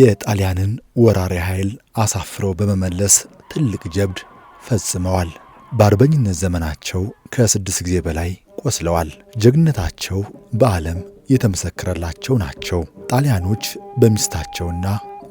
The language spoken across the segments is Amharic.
የጣሊያንን ወራሪ ኃይል አሳፍሮ በመመለስ ትልቅ ጀብድ ፈጽመዋል። በአርበኝነት ዘመናቸው ከስድስት ጊዜ በላይ ቆስለዋል። ጀግንነታቸው በዓለም የተመሰከረላቸው ናቸው። ጣሊያኖች በሚስታቸውና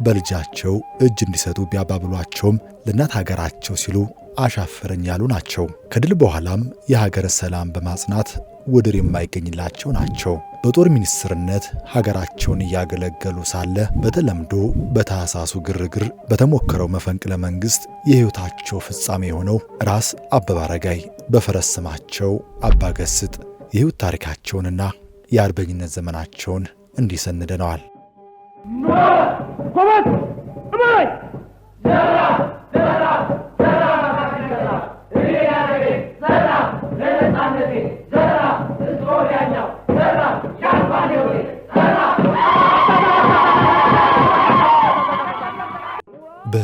በልጃቸው እጅ እንዲሰጡ ቢያባብሏቸውም ለእናት ሀገራቸው ሲሉ አሻፈረኝ ያሉ ናቸው። ከድል በኋላም የሀገረ ሰላም በማጽናት ውድር የማይገኝላቸው ናቸው። በጦር ሚኒስትርነት ሀገራቸውን እያገለገሉ ሳለ በተለምዶ በታህሳሱ ግርግር በተሞከረው መፈንቅለ መንግስት የሕይወታቸው ፍጻሜ የሆነው ራስ አበበ አረጋይ በፈረስ ስማቸው አባገስጥ የሕይወት ታሪካቸውንና የአርበኝነት ዘመናቸውን እንዲሰንደነዋል።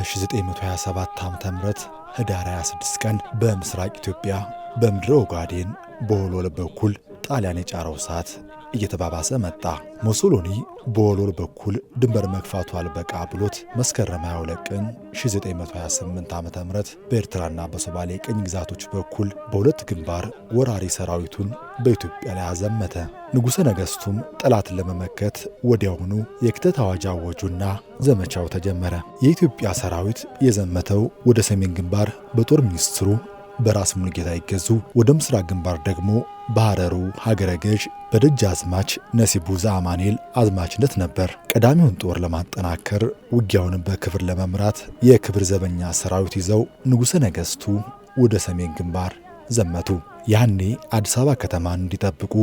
1927 ዓ ም ህዳር 26 ቀን በምስራቅ ኢትዮጵያ በምድረ ኦጋዴን በወሎል በኩል ጣሊያን የጫረው እሳት እየተባባሰ መጣ። ሞሶሎኒ በወሎል በኩል ድንበር መግፋቱ አልበቃ ብሎት መስከረም 22 ቀን 1928 ዓ ም በኤርትራና በሶማሌ ቅኝ ግዛቶች በኩል በሁለት ግንባር ወራሪ ሰራዊቱን በኢትዮጵያ ላይ አዘመተ። ንጉሠ ነገሥቱም ጠላትን ለመመከት ወዲያውኑ የክተት አዋጅ አወጁና ዘመቻው ተጀመረ። የኢትዮጵያ ሰራዊት የዘመተው ወደ ሰሜን ግንባር በጦር ሚኒስትሩ በራስ ሙሉጌታ ይገዙ፣ ወደ ምስራቅ ግንባር ደግሞ በሐረሩ ሀገረ ገዥ በደጅ አዝማች ነሲቡ ዘአማኔል አዝማችነት ነበር። ቀዳሚውን ጦር ለማጠናከር ውጊያውን በክብር ለመምራት የክብር ዘበኛ ሰራዊት ይዘው ንጉሠ ነገሥቱ ወደ ሰሜን ግንባር ዘመቱ። ያኔ አዲስ አበባ ከተማን እንዲጠብቁ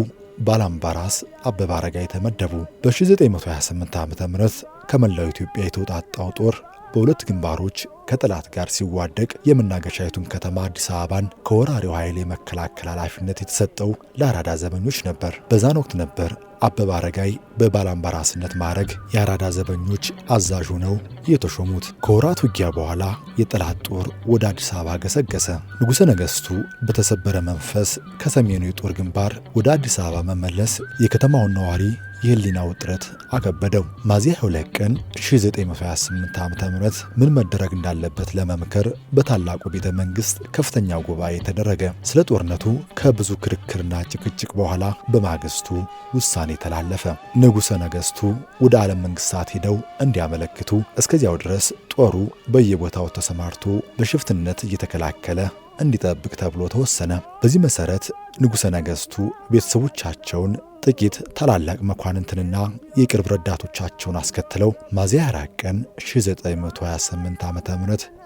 ባላምባራስ አበበ አረጋይ ተመደቡ። በ1928 ዓ ም ከመላው ኢትዮጵያ የተውጣጣው ጦር በሁለት ግንባሮች ከጠላት ጋር ሲዋደቅ የመናገሻይቱን ከተማ አዲስ አበባን ከወራሪው ኃይል የመከላከል ኃላፊነት የተሰጠው ለአራዳ ዘበኞች ነበር። በዛን ወቅት ነበር አበበ አረጋይ በባላምባራስነት ማዕረግ የአራዳ ዘበኞች አዛዥ ሆነው የተሾሙት። ከወራት ውጊያ በኋላ የጠላት ጦር ወደ አዲስ አበባ ገሰገሰ። ንጉሠ ነገሥቱ በተሰበረ መንፈስ ከሰሜኑ የጦር ግንባር ወደ አዲስ አበባ መመለስ የከተማውን ነዋሪ የህሊና ውጥረት አከበደው። ሚያዝያ 2 ቀን 1928 ዓ ም ምን መደረግ እንዳለበት ለመምከር በታላቁ ቤተ መንግስት ከፍተኛ ጉባኤ ተደረገ። ስለ ጦርነቱ ከብዙ ክርክርና ጭቅጭቅ በኋላ በማግስቱ ውሳኔ ተላለፈ። ንጉሠ ነገሥቱ ወደ ዓለም መንግስታት ሄደው እንዲያመለክቱ፣ እስከዚያው ድረስ ጦሩ በየቦታው ተሰማርቶ በሽፍትነት እየተከላከለ እንዲጠብቅ ተብሎ ተወሰነ። በዚህ መሠረት ንጉሠ ነገሥቱ ቤተሰቦቻቸውን ጥቂት ታላላቅ መኳንንትንና የቅርብ ረዳቶቻቸውን አስከትለው ሚያዝያ 4 ቀን 1928 ዓ.ም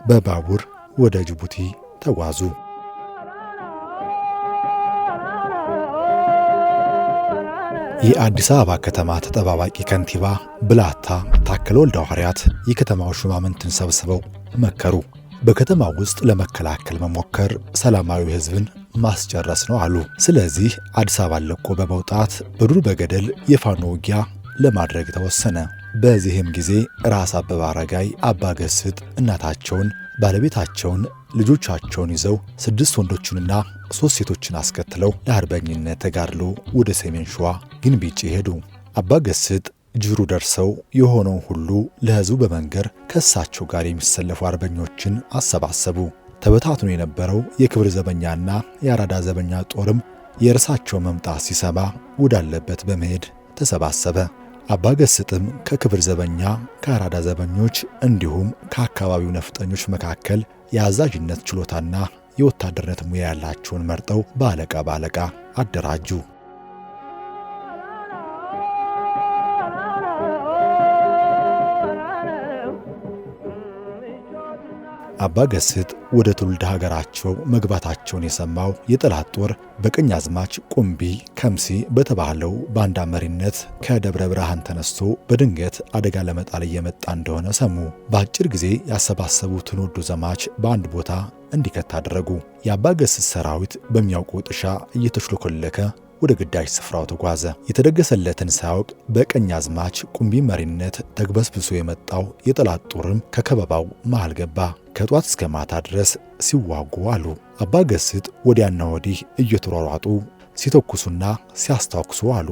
በባቡር ወደ ጅቡቲ ተጓዙ። የአዲስ አበባ ከተማ ተጠባባቂ ከንቲባ ብላታ ታከለ ወልደ ሐዋርያት የከተማው ሹማምንትን ሰብስበው መከሩ። በከተማ ውስጥ ለመከላከል መሞከር ሰላማዊ ህዝብን ማስጨረስ ነው አሉ። ስለዚህ አዲስ አበባ ለቆ በመውጣት በዱር በገደል የፋኖ ውጊያ ለማድረግ ተወሰነ። በዚህም ጊዜ ራስ አበበ አረጋይ አባ ገስጥ እናታቸውን፣ ባለቤታቸውን፣ ልጆቻቸውን ይዘው ስድስት ወንዶችንና ሦስት ሴቶችን አስከትለው ለአርበኝነት ተጋድሎ ወደ ሰሜን ሸዋ ግንቢጭ ሄዱ። አባ ገስጥ ጅሩ ደርሰው የሆነውን ሁሉ ለህዝቡ በመንገር ከእሳቸው ጋር የሚሰለፉ አርበኞችን አሰባሰቡ። ተበታትኖ የነበረው የክብር ዘበኛና የአራዳ ዘበኛ ጦርም የእርሳቸው መምጣት ሲሰማ ወዳለበት በመሄድ ተሰባሰበ። አባ ገስጥም ከክብር ዘበኛ ከአራዳ ዘበኞች እንዲሁም ከአካባቢው ነፍጠኞች መካከል የአዛዥነት ችሎታና የወታደርነት ሙያ ያላቸውን መርጠው በአለቃ በአለቃ አደራጁ። አባ ገስጥ ወደ ትውልድ ሀገራቸው መግባታቸውን የሰማው የጠላት ጦር አዝማች ቁምቢ ከምሲ በተባለው ባንዳ መሪነት ከደብረ ብርሃን ተነስቶ በድንገት አደጋ ለመጣል እየመጣ እንደሆነ ሰሙ። በአጭር ጊዜ ያሰባሰቡትን ውዱ ዘማች በአንድ ቦታ እንዲከት አደረጉ። የአባ ገስጥ ሰራዊት በሚያውቁ ጥሻ እየተሽሎኮለከ ወደ ግዳጅ ስፍራው ተጓዘ። የተደገሰለትን ሳያውቅ በቀኝ አዝማች ቁምቢ መሪነት ተግበስብሶ የመጣው የጠላት ጦርም ከከበባው መሃል ገባ። ከጧት እስከ ማታ ድረስ ሲዋጉ አሉ። አባ ገስጥ ወዲያና ወዲህ እየተሯሯጡ ሲተኩሱና ሲያስታኩሱ አሉ።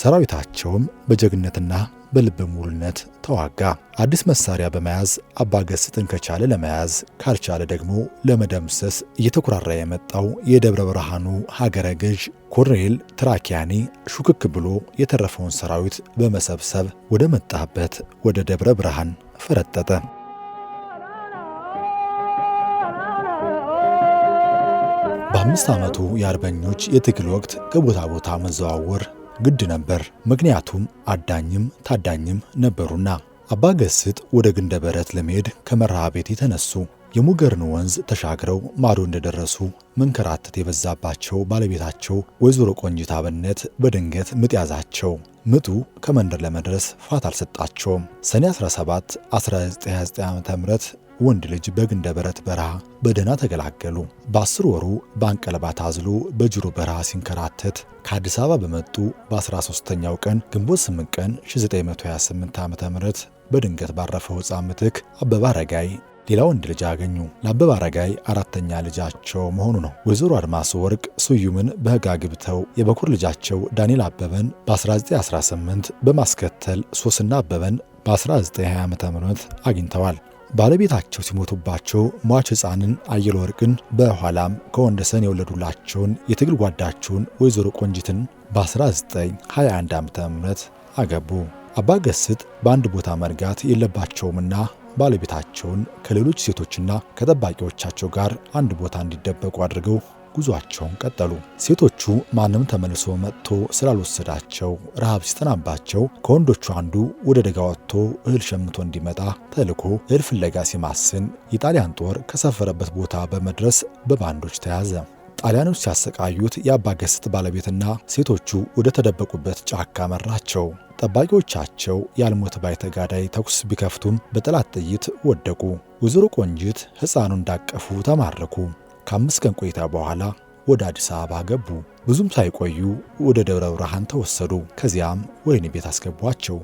ሰራዊታቸውም በጀግነትና በልበ ሙሉነት ተዋጋ። አዲስ መሳሪያ በመያዝ አባገስትን ከቻለ ለመያዝ ካልቻለ ደግሞ ለመደምሰስ እየተኩራራ የመጣው የደብረ ብርሃኑ ሀገረ ገዥ ኮሎኔል ትራኪያኒ ሹክክ ብሎ የተረፈውን ሰራዊት በመሰብሰብ ወደ መጣበት ወደ ደብረ ብርሃን ፈረጠጠ። በአምስት ዓመቱ የአርበኞች የትግል ወቅት ከቦታ ቦታ መዘዋወር ግድ ነበር። ምክንያቱም አዳኝም ታዳኝም ነበሩና። አባ ገስጥ ወደ ግንደ በረት ለመሄድ ከመርሃ ቤት የተነሱ የሙገርን ወንዝ ተሻግረው ማዶ እንደደረሱ መንከራተት የበዛባቸው ባለቤታቸው ወይዘሮ ቆንጅት አብነት በድንገት ምጥ ያዛቸው። ምጡ ከመንደር ለመድረስ ፋታ አልሰጣቸውም። ሰኔ 17 1929 ዓ.ም ወንድ ልጅ በግንደ በረት በረሃ በደህና ተገላገሉ። በአስር ወሩ በአንቀለባ ታዝሎ በጅሩ በረሃ ሲንከራተት ከአዲስ አበባ በመጡ በ13ኛው ቀን ግንቦት 8 ቀን 1928 ዓ ም በድንገት ባረፈው ሕፃን ምትክ አበባ አረጋይ ሌላ ወንድ ልጅ አገኙ። ለአበባ አረጋይ አራተኛ ልጃቸው መሆኑ ነው። ወይዘሮ አድማስ ወርቅ ስዩምን በሕግ አግብተው የበኩር ልጃቸው ዳንኤል አበበን በ1918 በማስከተል ሶስና አበበን በ1920 ዓ ም አግኝተዋል። ባለቤታቸው ሲሞቱባቸው ሟች ሕፃንን አየለ ወርቅን በኋላም ከወንደሰን የወለዱላቸውን የትግል ጓዳቸውን ወይዘሮ ቆንጂትን በ1921 ዓ ም አገቡ። አባ ገስጥ በአንድ ቦታ መርጋት የለባቸውምና ባለቤታቸውን ከሌሎች ሴቶችና ከጠባቂዎቻቸው ጋር አንድ ቦታ እንዲደበቁ አድርገው ጉዟቸውን ቀጠሉ። ሴቶቹ ማንም ተመልሶ መጥቶ ስላልወሰዳቸው ረሃብ ሲጠናባቸው ከወንዶቹ አንዱ ወደ ደጋ ወጥቶ እህል ሸምቶ እንዲመጣ ተልኮ እህል ፍለጋ ሲማስን የጣሊያን ጦር ከሰፈረበት ቦታ በመድረስ በባንዶች ተያዘ። ጣሊያኖች ሲያሰቃዩት የአባገስት ባለቤትና ሴቶቹ ወደ ተደበቁበት ጫካ መራቸው። ጠባቂዎቻቸው ያልሞት ባይ ተጋዳይ ተኩስ ቢከፍቱም በጠላት ጥይት ወደቁ። ወይዘሮ ቆንጅት ሕፃኑ እንዳቀፉ ተማረኩ። ከአምስት ቀን ቆይታ በኋላ ወደ አዲስ አበባ ገቡ። ብዙም ሳይቆዩ ወደ ደብረ ብርሃን ተወሰዱ። ከዚያም ወህኒ ቤት አስገቧቸው።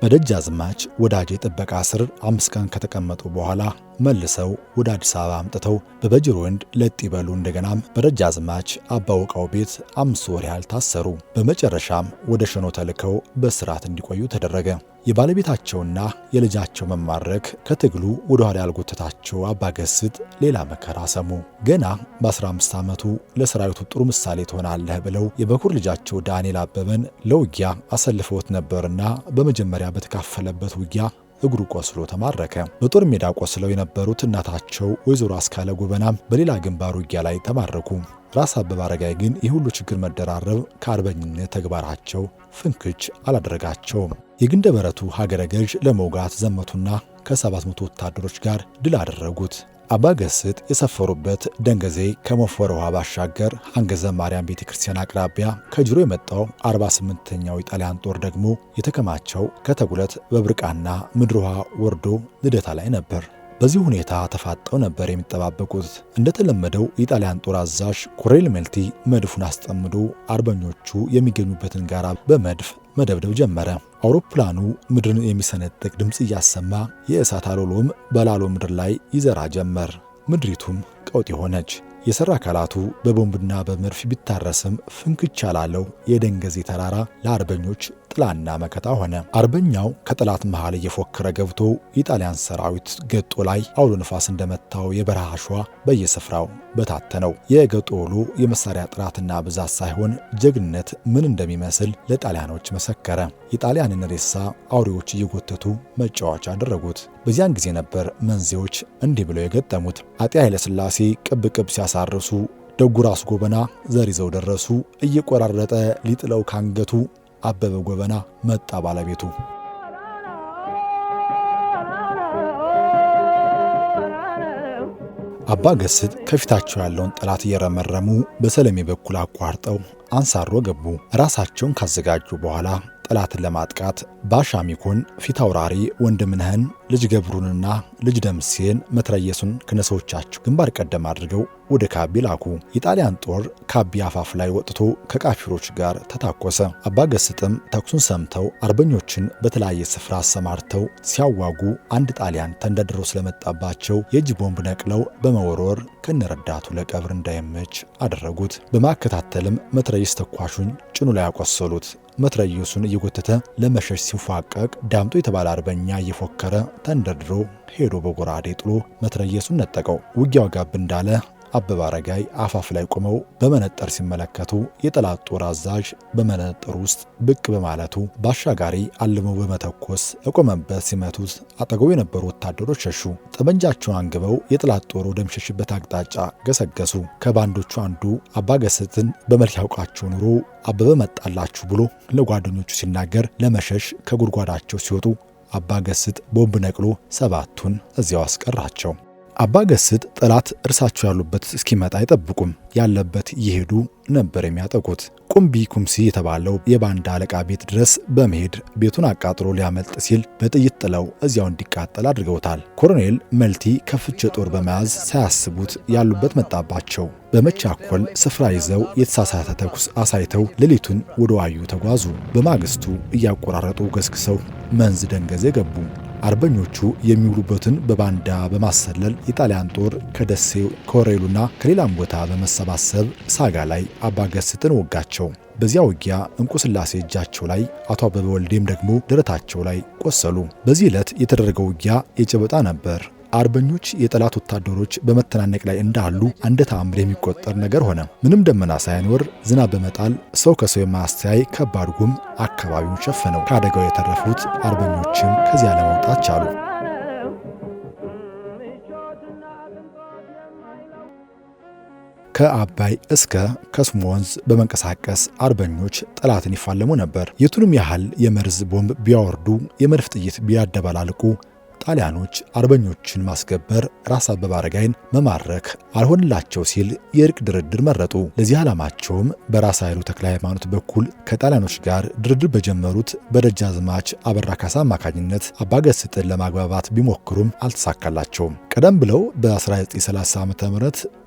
በደጃዝማች ወዳጄ ጥበቃ ስር አምስት ቀን ከተቀመጡ በኋላ መልሰው ወደ አዲስ አበባ አምጥተው በበጅር ወንድ ለጥ ይበሉ። እንደገናም በደጃዝማች አባውቃው ቤት አምስት ወር ያህል ታሰሩ። በመጨረሻም ወደ ሸኖ ተልከው በስርዓት እንዲቆዩ ተደረገ። የባለቤታቸውና የልጃቸው መማረክ ከትግሉ ወደ ኋላ ያልጎተታቸው አባገስጥ ሌላ መከራ ሰሙ። ገና በ15 ዓመቱ ለሰራዊቱ ጥሩ ምሳሌ ትሆናለህ ብለው የበኩር ልጃቸው ዳንኤል አበበን ለውጊያ አሰልፈውት ነበርና በመጀመሪያ በተካፈለበት ውጊያ እግሩ ቆስሎ ተማረከ። በጦር ሜዳ ቆስለው የነበሩት እናታቸው ወይዘሮ አስካለ ጎበናም በሌላ ግንባር ውጊያ ላይ ተማረኩ። ራስ አበበ አረጋይ ግን የሁሉ ችግር መደራረብ ከአርበኝነት ተግባራቸው ፍንክች አላደረጋቸውም። የግንደ በረቱ ሀገረ ገዥ ለመውጋት ዘመቱና ከ700 ወታደሮች ጋር ድል አደረጉት። አባ ገስጥ የሰፈሩበት ደንገዜ ከሞፈረ ውሃ ባሻገር አንገዘ ማርያም ቤተ ክርስቲያን አቅራቢያ ከጅሮ የመጣው 48ኛው የጣሊያን ጦር ደግሞ የተከማቸው ከተጉለት በብርቃና ምድር ውሃ ወርዶ ልደታ ላይ ነበር። በዚህ ሁኔታ ተፋጠው ነበር የሚጠባበቁት። እንደተለመደው የጣሊያን ጦር አዛዥ ኮሬል ሜልቲ መድፉን አስጠምዶ አርበኞቹ የሚገኙበትን ጋራ በመድፍ መደብደብ ጀመረ። አውሮፕላኑ ምድርን የሚሰነጥቅ ድምፅ እያሰማ የእሳት አሎሎም በላሎ ምድር ላይ ይዘራ ጀመር። ምድሪቱም ቀውጢ ሆነች። የሰራ አካላቱ በቦምብና በመድፍ ቢታረስም ፍንክቻ ላለው የደንገዜ ተራራ ለአርበኞች ጥላና መከታ ሆነ። አርበኛው ከጠላት መሃል እየፎከረ ገብቶ የጣሊያን ሰራዊት ገጦ ላይ አውሎ ንፋስ እንደመታው የበረሃ አሸዋ በየስፍራው በታተነው። የገጦሎ የመሳሪያ ጥራትና ብዛት ሳይሆን ጀግንነት ምን እንደሚመስል ለጣሊያኖች መሰከረ። የጣሊያንን ሬሳ አውሬዎች እየጎተቱ መጫወቻ አደረጉት። በዚያን ጊዜ ነበር መንዜዎች እንዲህ ብለው የገጠሙት። አጤ ኃይለሥላሴ ቅብ ቅብ ሲያሳርሱ ደጉ ራስ ጎበና ዘር ይዘው ደረሱ። እየቆራረጠ ሊጥለው ካንገቱ አበበ ጎበና መጣ ባለቤቱ አባ ገስጥ ከፊታቸው ያለውን ጠላት እየረመረሙ በሰለሜ በኩል አቋርጠው አንሳሮ ገቡ። ራሳቸውን ካዘጋጁ በኋላ ጠላትን ለማጥቃት ባሻሚኮን ፊት አውራሪ ወንድምነህን ልጅ ገብሩንና ልጅ ደምሴን መትረየሱን ከነሰዎቻቸው ግንባር ቀደም አድርገው ወደ ካቢ ላኩ። የጣሊያን ጦር ካቢ አፋፍ ላይ ወጥቶ ከቃፊሮች ጋር ተታኮሰ። አባገስጥም ተኩሱን ሰምተው አርበኞችን በተለያየ ስፍራ አሰማርተው ሲያዋጉ አንድ ጣሊያን ተንደድሮ ስለመጣባቸው የእጅ ቦምብ ነቅለው በመወርወር ከነረዳቱ ለቀብር እንዳይመች አደረጉት። በማከታተልም መትረየስ ተኳሹን ጭኑ ላይ ያቆሰሉት። መትረየሱን እየጎተተ ለመሸሽ ሲፏቀቅ ዳምጦ የተባለ አርበኛ እየፎከረ ተንደርድሮ ሄዶ በጎራዴ ጥሎ መትረየሱን ነጠቀው። ውጊያው ጋብ እንዳለ አበበ አረጋይ አፋፍ ላይ ቆመው በመነጠር ሲመለከቱ የጠላት ጦር አዛዥ በመነጠር ውስጥ ብቅ በማለቱ በአሻጋሪ አልመው በመተኮስ እቆመበት ሲመቱት አጠገቡ የነበሩ ወታደሮች ሸሹ። ጠመንጃቸውን አንግበው የጠላት ጦር ወደሚሸሽበት አቅጣጫ ገሰገሱ። ከባንዶቹ አንዱ አባገስትን በመልክ ያውቃቸው ኑሮ አበበ መጣላችሁ ብሎ ለጓደኞቹ ሲናገር ለመሸሽ ከጉድጓዳቸው ሲወጡ አባገስጥ ቦምብ ነቅሎ ሰባቱን እዚያው አስቀራቸው። አባ ገስጥ ጠላት እርሳቸው ያሉበት እስኪመጣ አይጠብቁም። ያለበት እየሄዱ ነበር የሚያጠቁት። ቁምቢ ኩምሲ የተባለው የባንዳ አለቃ ቤት ድረስ በመሄድ ቤቱን አቃጥሎ ሊያመልጥ ሲል በጥይት ጥለው እዚያው እንዲቃጠል አድርገውታል። ኮሎኔል መልቲ ከፍቼ ጦር በመያዝ ሳያስቡት ያሉበት መጣባቸው። በመቻኮል ስፍራ ይዘው የተሳሳተ ተኩስ አሳይተው ሌሊቱን ወደ ዋዩ ተጓዙ። በማግስቱ እያቆራረጡ ገስግሰው መንዝ ደንገዝ ገቡ። አርበኞቹ የሚውሉበትን በባንዳ በማሰለል የጣሊያን ጦር ከደሴው ከወሬሉና ከሌላም ቦታ በመሰባሰብ ሳጋ ላይ አባገስጥን ወጋቸው። በዚያ ውጊያ እንቁ ስላሴ እጃቸው ላይ አቶ አበበ ወልዴም ደግሞ ደረታቸው ላይ ቆሰሉ። በዚህ ዕለት የተደረገው ውጊያ የጨበጣ ነበር። አርበኞች የጠላት ወታደሮች በመተናነቅ ላይ እንዳሉ እንደ ተአምር የሚቆጠር ነገር ሆነ። ምንም ደመና ሳይኖር ዝናብ በመጣል ሰው ከሰው የማያስተያይ ከባድ ጉም አካባቢውን ሸፈነው። ከአደጋው የተረፉት አርበኞችም ከዚያ ለመውጣት ቻሉ። ከአባይ እስከ ከስሙ ወንዝ በመንቀሳቀስ አርበኞች ጠላትን ይፋለሙ ነበር። የቱንም ያህል የመርዝ ቦምብ ቢያወርዱ፣ የመድፍ ጥይት ቢያደባላልቁ ጣሊያኖች አርበኞችን ማስገበር፣ ራስ አበበ አረጋይን መማረክ አልሆንላቸው ሲል የእርቅ ድርድር መረጡ። ለዚህ ዓላማቸውም በራስ ኃይሉ ተክለ ሃይማኖት በኩል ከጣሊያኖች ጋር ድርድር በጀመሩት በደጃዝማች አበራ ካሳ አማካኝነት አባገስጥን ለማግባባት ቢሞክሩም አልተሳካላቸውም። ቀደም ብለው በ1930 ዓ ም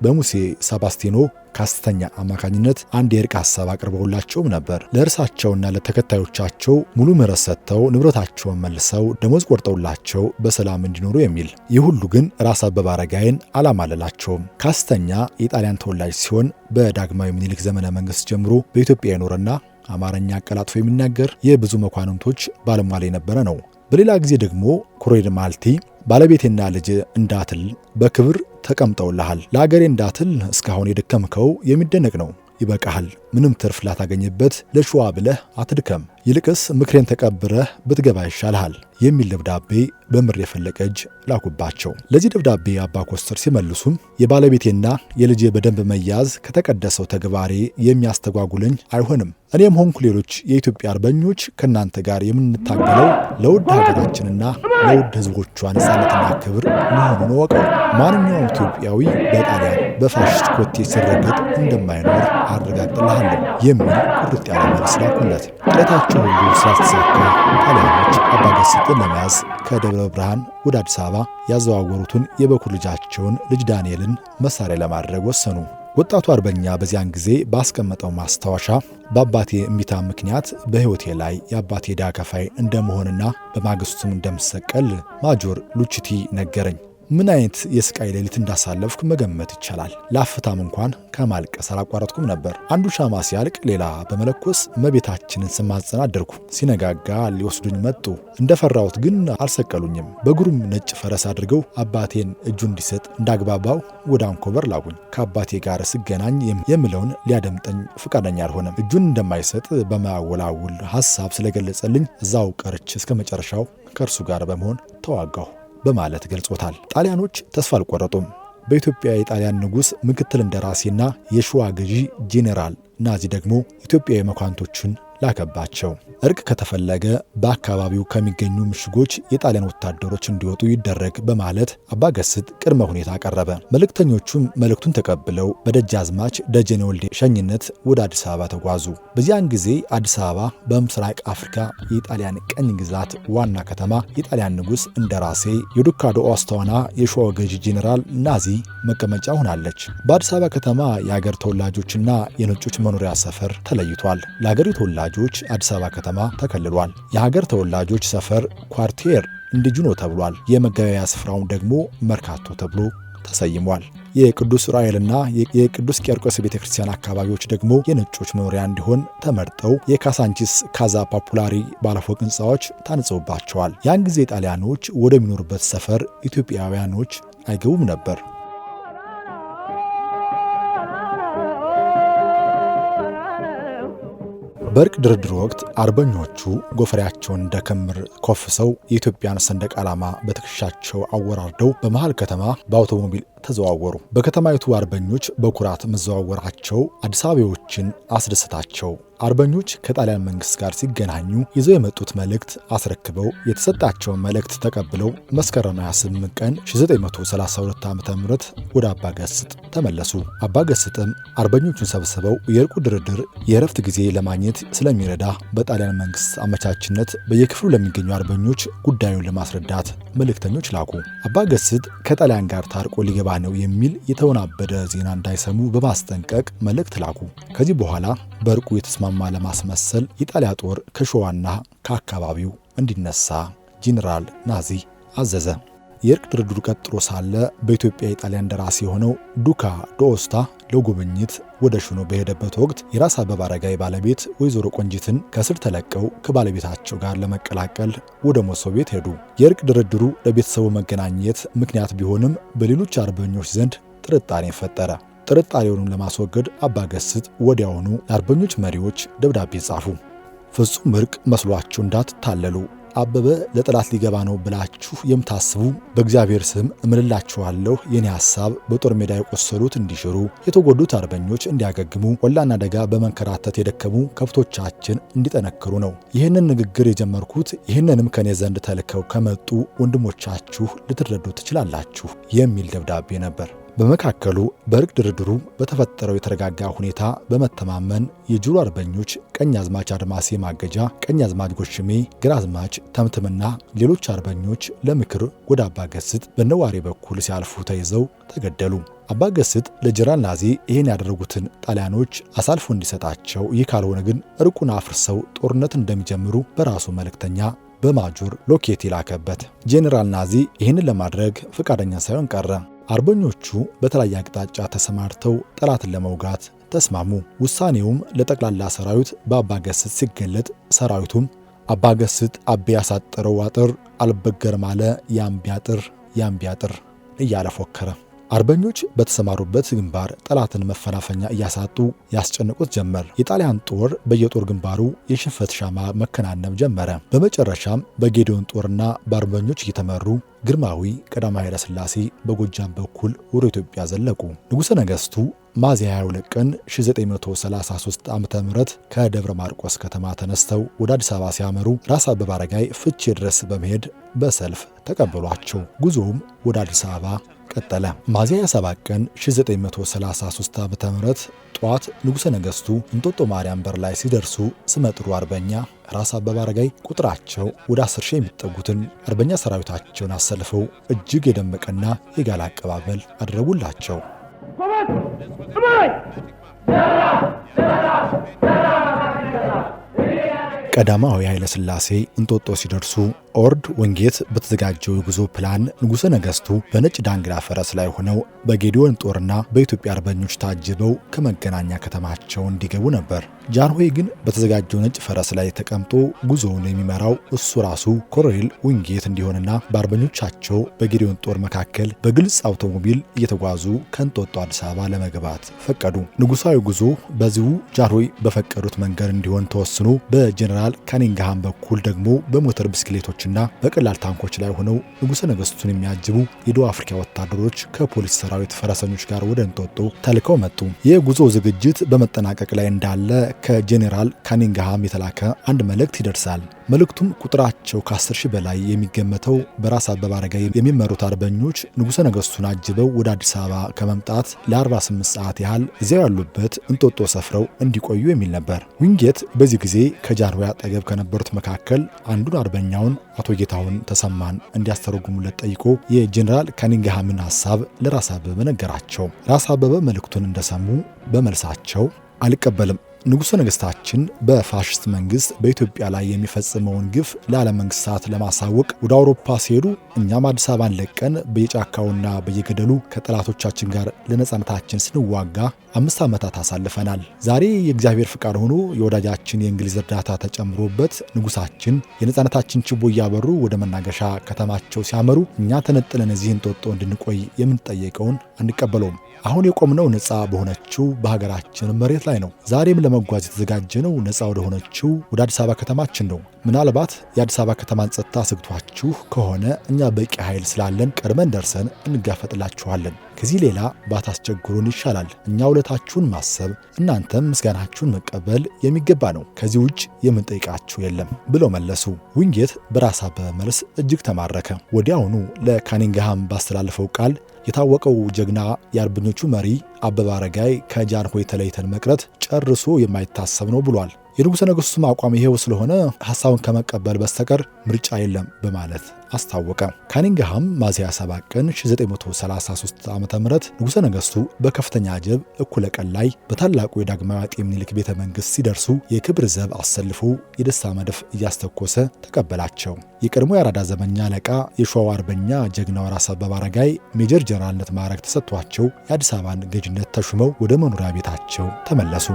በሙሴ ሳባስቲኖ ከሐሰተኛ አማካኝነት አንድ የእርቅ ሐሳብ አቅርበውላቸውም ነበር። ለእርሳቸውና ለተከታዮቻቸው ሙሉ ምህረት ሰጥተው ንብረታቸውን መልሰው ደሞዝ ቆርጠውላቸው በሰላም እንዲኖሩ የሚል። ይህ ሁሉ ግን ራስ አበበ አረጋይን አላማለላቸውም። ካስተኛ የጣሊያን ተወላጅ ሲሆን በዳግማዊ ምኒልክ ዘመነ መንግስት ጀምሮ በኢትዮጵያ የኖረና አማርኛ አቀላጥፎ የሚናገር የብዙ መኳንንቶች ባለሟል የነበረ ነው። በሌላ ጊዜ ደግሞ ኩሬድ ማልቲ ባለቤቴና ልጅ እንዳትል በክብር ተቀምጠውልሃል፣ ለአገሬ እንዳትል እስካሁን የደከምከው የሚደነቅ ነው ይበቃሃል፣ ምንም ትርፍ ላታገኝበት ለሸዋ ብለህ አትድከም፣ ይልቅስ ምክሬን ተቀብረህ ብትገባ ይሻልሃል የሚል ደብዳቤ በምር የፈለቀ እጅ ላኩባቸው። ለዚህ ደብዳቤ አባ ኮስተር ሲመልሱም የባለቤቴና የልጄ በደንብ መያዝ ከተቀደሰው ተግባሬ የሚያስተጓጉለኝ አይሆንም። እኔም ሆንኩ ሌሎች የኢትዮጵያ አርበኞች ከእናንተ ጋር የምንታገለው ለውድ ሀገራችንና ለውድ ሕዝቦቿ ነፃነትና ክብር መሆኑን እወቀው። ማንኛውም ኢትዮጵያዊ በጣሊያን በፋሽስት ኮቴ ሲረገጥ እንደማይኖር አረጋግጥልሃለሁ የሚል ቁርጥ ያለ መልስ ላኩለት። ጥረታቸው ሁሉ ስላልተሳካ ጣሊያኖች አባገስጥን ለመያዝ ከደብረ ብርሃን ወደ አዲስ አበባ ያዘዋወሩትን የበኩር ልጃቸውን ልጅ ዳንኤልን መሳሪያ ለማድረግ ወሰኑ። ወጣቱ አርበኛ በዚያን ጊዜ ባስቀመጠው ማስታወሻ በአባቴ እምቢታ ምክንያት በሕይወቴ ላይ የአባቴ ዕዳ ከፋይ እንደመሆንና በማግስቱም እንደምሰቀል ማጆር ሉችቲ ነገረኝ። ምን አይነት የስቃይ ሌሊት እንዳሳለፍኩ መገመት ይቻላል። ላፍታም እንኳን ከማልቀስ አላቋረጥኩም ነበር። አንዱ ሻማ ሲያልቅ ሌላ በመለኮስ እመቤታችንን ስማጸን አደርኩ። ሲነጋጋ ሊወስዱኝ መጡ። እንደፈራሁት ግን አልሰቀሉኝም። በግሩም ነጭ ፈረስ አድርገው አባቴን እጁ እንዲሰጥ እንዳግባባው ወደ አንኮበር ላጉኝ። ከአባቴ ጋር ስገናኝ የምለውን ሊያደምጠኝ ፈቃደኛ አልሆነም። እጁን እንደማይሰጥ በማያወላውል ሀሳብ ስለገለጸልኝ እዛው ቀርች እስከ መጨረሻው ከእርሱ ጋር በመሆን ተዋጋሁ። በማለት ገልጾታል። ጣሊያኖች ተስፋ አልቆረጡም። በኢትዮጵያ የጣሊያን ንጉሥ ምክትል እንደራሴና የሸዋ ገዢ ጄኔራል ናዚ ደግሞ ኢትዮጵያዊ መኳንቶችን ላከባቸው። እርቅ ከተፈለገ በአካባቢው ከሚገኙ ምሽጎች የጣሊያን ወታደሮች እንዲወጡ ይደረግ በማለት አባገስጥ ቅድመ ሁኔታ አቀረበ። መልእክተኞቹም መልእክቱን ተቀብለው በደጃዝማች ደጀኔ ወልዴ ሸኝነት ወደ አዲስ አበባ ተጓዙ። በዚያን ጊዜ አዲስ አበባ በምስራቅ አፍሪካ የጣሊያን ቀኝ ግዛት ዋና ከተማ፣ የጣሊያን ንጉሥ እንደራሴ፣ የዱካዶ ኦስቶና የሸዋ ገዢ ጄኔራል ናዚ መቀመጫ ሆናለች። በአዲስ አበባ ከተማ የአገር ተወላጆችና የነጮች መኖሪያ ሰፈር ተለይቷል። ለአገሪቱ ተወላጅ ተወላጆች አዲስ አበባ ከተማ ተከልሏል። የሀገር ተወላጆች ሰፈር ኳርቴር ነው ተብሏል። የመገበያያ ስፍራውን ደግሞ መርካቶ ተብሎ ተሰይሟል። የቅዱስ ዑራኤልና የቅዱስ ቂርቆስ ቤተ ክርስቲያን አካባቢዎች ደግሞ የነጮች መኖሪያ እንዲሆን ተመርጠው የካሳንቺስ ካዛ ፓፑላሪ ባለፎቅ ህንፃዎች ታንጸውባቸዋል። ያን ጊዜ ጣሊያኖች ወደሚኖሩበት ሰፈር ኢትዮጵያውያኖች አይገቡም ነበር። በእርቅ ድርድር ወቅት አርበኞቹ ጎፈሬያቸውን እንደ ክምር ኮፍሰው የኢትዮጵያን ሰንደቅ ዓላማ በትከሻቸው አወራርደው በመሃል ከተማ በአውቶሞቢል ተዘዋወሩ። በከተማይቱ አርበኞች በኩራት መዘዋወራቸው አዲስ አበባዎችን አስደስታቸው። አርበኞች ከጣሊያን መንግስት ጋር ሲገናኙ ይዘው የመጡት መልእክት አስረክበው የተሰጣቸውን መልእክት ተቀብለው መስከረም 28 ቀን 1932 ዓ.ም ወደ አባገስጥ ተመለሱ። አባገስጥም አርበኞቹን ሰብስበው የእርቁ ድርድር የእረፍት ጊዜ ለማግኘት ስለሚረዳ በጣሊያን መንግስት አመቻችነት በየክፍሉ ለሚገኙ አርበኞች ጉዳዩን ለማስረዳት መልእክተኞች ላኩ። አባገስጥ ከጣሊያን ጋር ታርቆ ሊገባ ሊገባ ነው የሚል የተወናበደ ዜና እንዳይሰሙ በማስጠንቀቅ መልእክት ላኩ። ከዚህ በኋላ በእርቁ የተስማማ ለማስመሰል የጣሊያ ጦር ከሸዋና ከአካባቢው እንዲነሳ ጄኔራል ናዚ አዘዘ። የእርቅ ድርድሩ ቀጥሎ ሳለ በኢትዮጵያ የጣሊያን ደራሲ የሆነው ዱካ ዶኦስታ ለጉብኝት ወደ ሹኖ በሄደበት ወቅት የራስ አበበ አረጋይ ባለቤት ወይዘሮ ቆንጂትን ከስር ተለቀው ከባለቤታቸው ጋር ለመቀላቀል ወደ ሞሶ ቤት ሄዱ። የእርቅ ድርድሩ ለቤተሰቡ መገናኘት ምክንያት ቢሆንም በሌሎች አርበኞች ዘንድ ጥርጣሬን ፈጠረ። ጥርጣሬውንም ለማስወገድ አባገስጥ ወዲያውኑ ለአርበኞች መሪዎች ደብዳቤ ጻፉ። ፍጹም እርቅ መስሏቸው እንዳትታለሉ አበበ ለጠላት ሊገባ ነው ብላችሁ የምታስቡ በእግዚአብሔር ስም እምልላችኋለሁ፣ የኔ ሐሳብ በጦር ሜዳ የቆሰሉት እንዲሽሩ፣ የተጎዱት አርበኞች እንዲያገግሙ፣ ወላና አደጋ በመንከራተት የደከሙ ከብቶቻችን እንዲጠነክሩ ነው። ይህንን ንግግር የጀመርኩት ይህንንም ከኔ ዘንድ ተልከው ከመጡ ወንድሞቻችሁ ልትረዱ ትችላላችሁ የሚል ደብዳቤ ነበር። በመካከሉ በእርቅ ድርድሩ በተፈጠረው የተረጋጋ ሁኔታ በመተማመን የጆሮ አርበኞች ቀኝ አዝማች አድማሴ ማገጃ፣ ቀኝ አዝማች ጎሽሜ፣ ግራ አዝማች ተምትምና ሌሎች አርበኞች ለምክር ወደ አባገስጥ በነዋሪ በኩል ሲያልፉ ተይዘው ተገደሉ። አባገስጥ ለጅራን ላዜ ይህን ያደረጉትን ጣሊያኖች አሳልፎ እንዲሰጣቸው፣ ይህ ካልሆነ ግን እርቁን አፍርሰው ጦርነት እንደሚጀምሩ በራሱ መልእክተኛ በማጆር ሎኬት ይላከበት። ጄኔራል ናዚ ይህንን ለማድረግ ፈቃደኛ ሳይሆን ቀረ። አርበኞቹ በተለያየ አቅጣጫ ተሰማርተው ጠላትን ለመውጋት ተስማሙ። ውሳኔውም ለጠቅላላ ሰራዊት በአባገስት ሲገለጥ ሰራዊቱም አባገስት አቤ ያሳጠረው አጥር አልበገርም አለ ያምቢ አጥር አጥር እያለ ፎከረ። አርበኞች በተሰማሩበት ግንባር ጠላትን መፈናፈኛ እያሳጡ ያስጨንቁት ጀመር። የጣሊያን ጦር በየጦር ግንባሩ የሽንፈት ሻማ መከናነብ ጀመረ። በመጨረሻም በጌዲዮን ጦርና በአርበኞች እየተመሩ ግርማዊ ቀዳማዊ ኃይለ ሥላሴ በጎጃም በኩል ወደ ኢትዮጵያ ዘለቁ። ንጉሠ ነገሥቱ ሚያዝያ 22 ቀን 1933 ዓ.ም ከደብረ ማርቆስ ከተማ ተነስተው ወደ አዲስ አበባ ሲያመሩ ራስ አበበ አረጋይ ፍቼ ድረስ በመሄድ በሰልፍ ተቀበሏቸው። ጉዞውም ወደ አዲስ አበባ ቀጠለ። ሚያዝያ 7 ቀን 933 ዓ ም ጠዋት ንጉሠ ነገሥቱ እንጦጦ ማርያም በር ላይ ሲደርሱ ስመጥሩ አርበኛ ራስ አበበ አረጋይ ቁጥራቸው ወደ 10 ሺህ የሚጠጉትን አርበኛ ሰራዊታቸውን አሰልፈው እጅግ የደመቀና የጋለ አቀባበል አደረጉላቸው። ቀዳማዊ ኃይለ ሥላሴ እንጦጦ ሲደርሱ ኦርድ ወንጌት በተዘጋጀው የጉዞ ፕላን ንጉሠ ነገሥቱ በነጭ ዳንግላ ፈረስ ላይ ሆነው በጌዲዮን ጦርና በኢትዮጵያ አርበኞች ታጅበው ከመገናኛ ከተማቸው እንዲገቡ ነበር። ጃንሆይ ግን በተዘጋጀው ነጭ ፈረስ ላይ ተቀምጦ ጉዞውን የሚመራው እሱ ራሱ ኮሎኔል ውንጌት እንዲሆንና በአርበኞቻቸው በጌዲዮን ጦር መካከል በግልጽ አውቶሞቢል እየተጓዙ ከእንጦጦ አዲስ አበባ ለመግባት ፈቀዱ። ንጉሳዊ ጉዞ በዚሁ ጃንሆይ በፈቀዱት መንገድ እንዲሆን ተወስኖ በጀኔራል ካኒንግሃም በኩል ደግሞ በሞተር ብስክሌቶች ታንኮችና በቀላል ታንኮች ላይ ሆነው ንጉሠ ነገሥቱን የሚያጅቡ የደቡብ አፍሪካ ወታደሮች ከፖሊስ ሰራዊት ፈረሰኞች ጋር ወደ እንጦጦ ተልከው መጡ። የጉዞ ዝግጅት በመጠናቀቅ ላይ እንዳለ ከጄኔራል ካኒንግሃም የተላከ አንድ መልእክት ይደርሳል። መልእክቱም ቁጥራቸው ከ10 ሺህ በላይ የሚገመተው በራስ አበበ አረጋይ የሚመሩት አርበኞች ንጉሠ ነገሥቱን አጅበው ወደ አዲስ አበባ ከመምጣት ለ48 ሰዓት ያህል እዚያው ያሉበት እንጦጦ ሰፍረው እንዲቆዩ የሚል ነበር። ዊንጌት በዚህ ጊዜ ከጃንሆይ አጠገብ ከነበሩት መካከል አንዱን አርበኛውን አቶ ጌታሁን ተሰማን እንዲያስተረጉሙለት ጠይቆ የጀኔራል ካኒንግሃምን ሀሳብ ለራስ አበበ ነገራቸው። ራስ አበበ መልእክቱን እንደሰሙ በመልሳቸው አልቀበልም ንጉሠ ነገሥታችን በፋሽስት መንግሥት በኢትዮጵያ ላይ የሚፈጽመውን ግፍ ለዓለም መንግሥታት ለማሳወቅ ወደ አውሮፓ ሲሄዱ እኛም አዲስ አበባን ለቀን በየጫካውና በየገደሉ ከጠላቶቻችን ጋር ለነፃነታችን ስንዋጋ አምስት ዓመታት አሳልፈናል። ዛሬ የእግዚአብሔር ፍቃድ ሆኖ የወዳጃችን የእንግሊዝ እርዳታ ተጨምሮበት ንጉሳችን የነጻነታችን ችቦ እያበሩ ወደ መናገሻ ከተማቸው ሲያመሩ እኛ ተነጥለን እዚህ እንጦጦ እንድንቆይ የምንጠየቀውን አንቀበለውም። አሁን የቆምነው ነፃ በሆነችው በሀገራችን መሬት ላይ ነው። ዛሬም ለመ ለመጓዝ የተዘጋጀ ነው ነፃ ወደሆነችው ወደ አዲስ አበባ ከተማችን ነው። ምናልባት የአዲስ አበባ ከተማን ጸጥታ አስግቷችሁ ከሆነ እኛ በቂ ኃይል ስላለን ቀድመን ደርሰን እንጋፈጥላችኋለን። ከዚህ ሌላ ባታስቸግሩን ይሻላል። እኛ ውለታችሁን ማሰብ እናንተም ምስጋናችሁን መቀበል የሚገባ ነው። ከዚህ ውጭ የምንጠይቃችሁ የለም ብለው መለሱ። ውንጌት በራስ አበበ መልስ እጅግ ተማረከ። ወዲያውኑ ለካኒንግሃም ባስተላለፈው ቃል የታወቀው ጀግና የአርበኞቹ መሪ አበበ አረጋይ ከጃንሆይ ተለይተን መቅረት ጨርሶ የማይታሰብ ነው ብሏል። የንጉሠ ነገሥቱም አቋም ይሄው ስለሆነ ሐሳቡን ከመቀበል በስተቀር ምርጫ የለም በማለት አስታወቀ። ካኒንግሃም ማዚያ 7 ቀን 933 ዓ ም ንጉሠ ነገሥቱ በከፍተኛ አጀብ እኩለ ቀን ላይ በታላቁ የዳግማዊ አጤ ምኒልክ ቤተ መንግሥት ሲደርሱ የክብር ዘብ አሰልፎ የደስታ መድፍ እያስተኮሰ ተቀበላቸው። የቀድሞ የአራዳ ዘመኛ አለቃ የሸዋው አርበኛ ጀግናው ራስ አበበ አረጋይ ሜጀር ጀነራልነት ማዕረግ ተሰጥቷቸው የአዲስ አበባን ገዥነት ተሹመው ወደ መኖሪያ ቤታቸው ተመለሱ።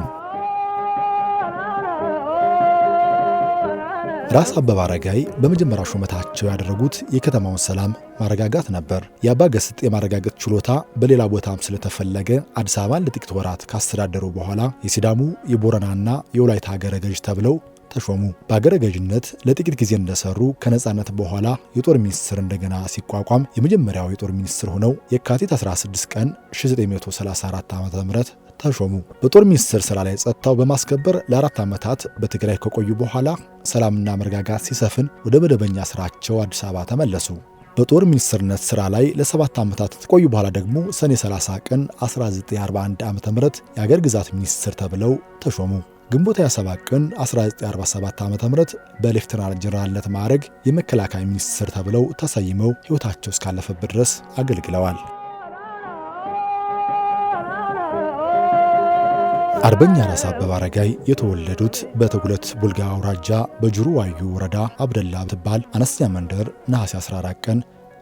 ራስ አበበ አረጋይ በመጀመሪያ ሹመታቸው ያደረጉት የከተማውን ሰላም ማረጋጋት ነበር። የአባ ገስጥ የማረጋገጥ ችሎታ በሌላ ቦታም ስለተፈለገ አዲስ አበባን ለጥቂት ወራት ካስተዳደሩ በኋላ የሲዳሙ የቦረናና የወላይታ ሀገረ ገዥ ተብለው ተሾሙ። በአገረ ገዥነት ለጥቂት ጊዜ እንደሰሩ ከነፃነት በኋላ የጦር ሚኒስትር እንደገና ሲቋቋም የመጀመሪያው የጦር ሚኒስትር ሆነው የካቲት 16 ቀን 1934 ዓ ም ተሾሙ። በጦር ሚኒስትር ስራ ላይ ጸጥታው በማስከበር ለአራት ዓመታት በትግራይ ከቆዩ በኋላ ሰላምና መረጋጋት ሲሰፍን ወደ መደበኛ ስራቸው አዲስ አበባ ተመለሱ። በጦር ሚኒስትርነት ስራ ላይ ለሰባት ዓመታት ከቆዩ በኋላ ደግሞ ሰኔ 30 ቀን 1941 ዓ ም የአገር ግዛት ሚኒስትር ተብለው ተሾሙ። ግንቦት 27 ቀን 1947 ዓ ም በሌፍትናንት ጀነራልነት ማዕረግ የመከላከያ ሚኒስትር ተብለው ተሰይመው ሕይወታቸው እስካለፈበት ድረስ አገልግለዋል። አርበኛ ራስ አበበ አረጋይ የተወለዱት በትጉለት ቡልጋ አውራጃ በጅሩ ዋዩ ወረዳ አብደላ ብትባል አነስተኛ መንደር ነሐሴ 14 ቀን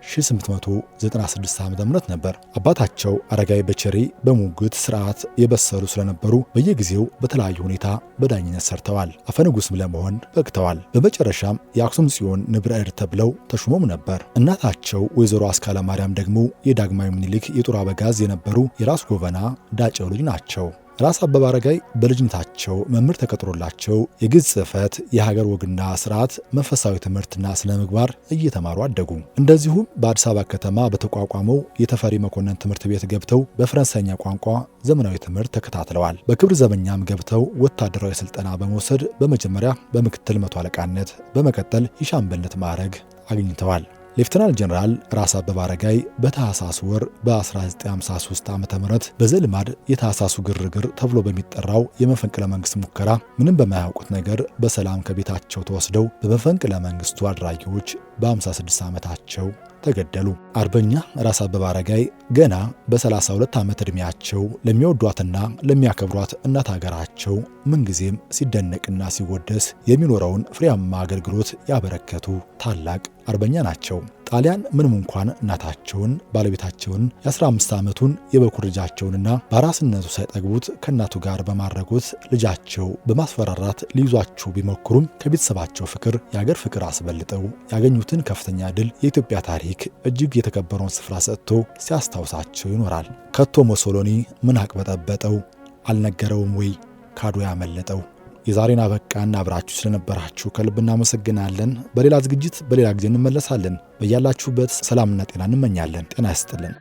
1896 ዓ ም ነበር። አባታቸው አረጋዊ በቸሪ በሙግት ስርዓት የበሰሉ ስለነበሩ በየጊዜው በተለያዩ ሁኔታ በዳኝነት ሰርተዋል። አፈንጉስም ለመሆን በቅተዋል። በመጨረሻም የአክሱም ጽዮን ንብረ እድ ተብለው ተሹሞም ነበር። እናታቸው ወይዘሮ አስካለ ማርያም ደግሞ የዳግማዊ ምኒልክ የጦር አበጋዝ የነበሩ የራስ ጎበና ዳጨው ልጅ ናቸው። ራስ አበበ አረጋይ በልጅነታቸው መምህር ተቀጥሮላቸው የግዕዝ ጽሕፈት፣ የሀገር ወግና ስርዓት፣ መንፈሳዊ ትምህርትና ስነ ምግባር እየተማሩ አደጉ። እንደዚሁም በአዲስ አበባ ከተማ በተቋቋመው የተፈሪ መኮንን ትምህርት ቤት ገብተው በፈረንሳይኛ ቋንቋ ዘመናዊ ትምህርት ተከታትለዋል። በክብር ዘበኛም ገብተው ወታደራዊ ስልጠና በመውሰድ በመጀመሪያ በምክትል መቶ አለቃነት በመቀጠል የሻምበልነት ማዕረግ አግኝተዋል። ሌፍተናል ጀነራል ራስ አበበ አረጋይ በታህሳስ ወር በ1953 ዓ ም በዘልማድ የታህሳሱ ግርግር ተብሎ በሚጠራው የመፈንቅለ መንግስት ሙከራ ምንም በማያውቁት ነገር በሰላም ከቤታቸው ተወስደው በመፈንቅለ መንግስቱ አድራጊዎች በ56 ዓመታቸው ተገደሉ። አርበኛ ራስ አበባ አረጋይ ገና በ32 ዓመት ዕድሜያቸው ለሚወዷትና ለሚያከብሯት እናት ሀገራቸው ምንጊዜም ሲደነቅና ሲወደስ የሚኖረውን ፍሬያማ አገልግሎት ያበረከቱ ታላቅ አርበኛ ናቸው። ጣሊያን ምንም እንኳን እናታቸውን ባለቤታቸውን የ15 ዓመቱን የበኩር ልጃቸውንና በአራስነቱ ሳይጠግቡት ከእናቱ ጋር በማድረጎት ልጃቸው በማስፈራራት ሊይዟቸው ቢሞክሩም ከቤተሰባቸው ፍቅር፣ የአገር ፍቅር አስበልጠው ያገኙትን ከፍተኛ ድል የኢትዮጵያ ታሪክ እጅግ የተከበረውን ስፍራ ሰጥቶ ሲያስታውሳቸው ይኖራል። ከቶ ሞሶሎኒ ምን አቅበጠበጠው? አልነገረውም ወይ? ካዶ ያመለጠው? የዛሬን አበቃን። አብራችሁ ስለነበራችሁ ከልብ እናመሰግናለን። በሌላ ዝግጅት በሌላ ጊዜ እንመለሳለን። በያላችሁበት ሰላምና ጤና እንመኛለን። ጤና ያስጥልን።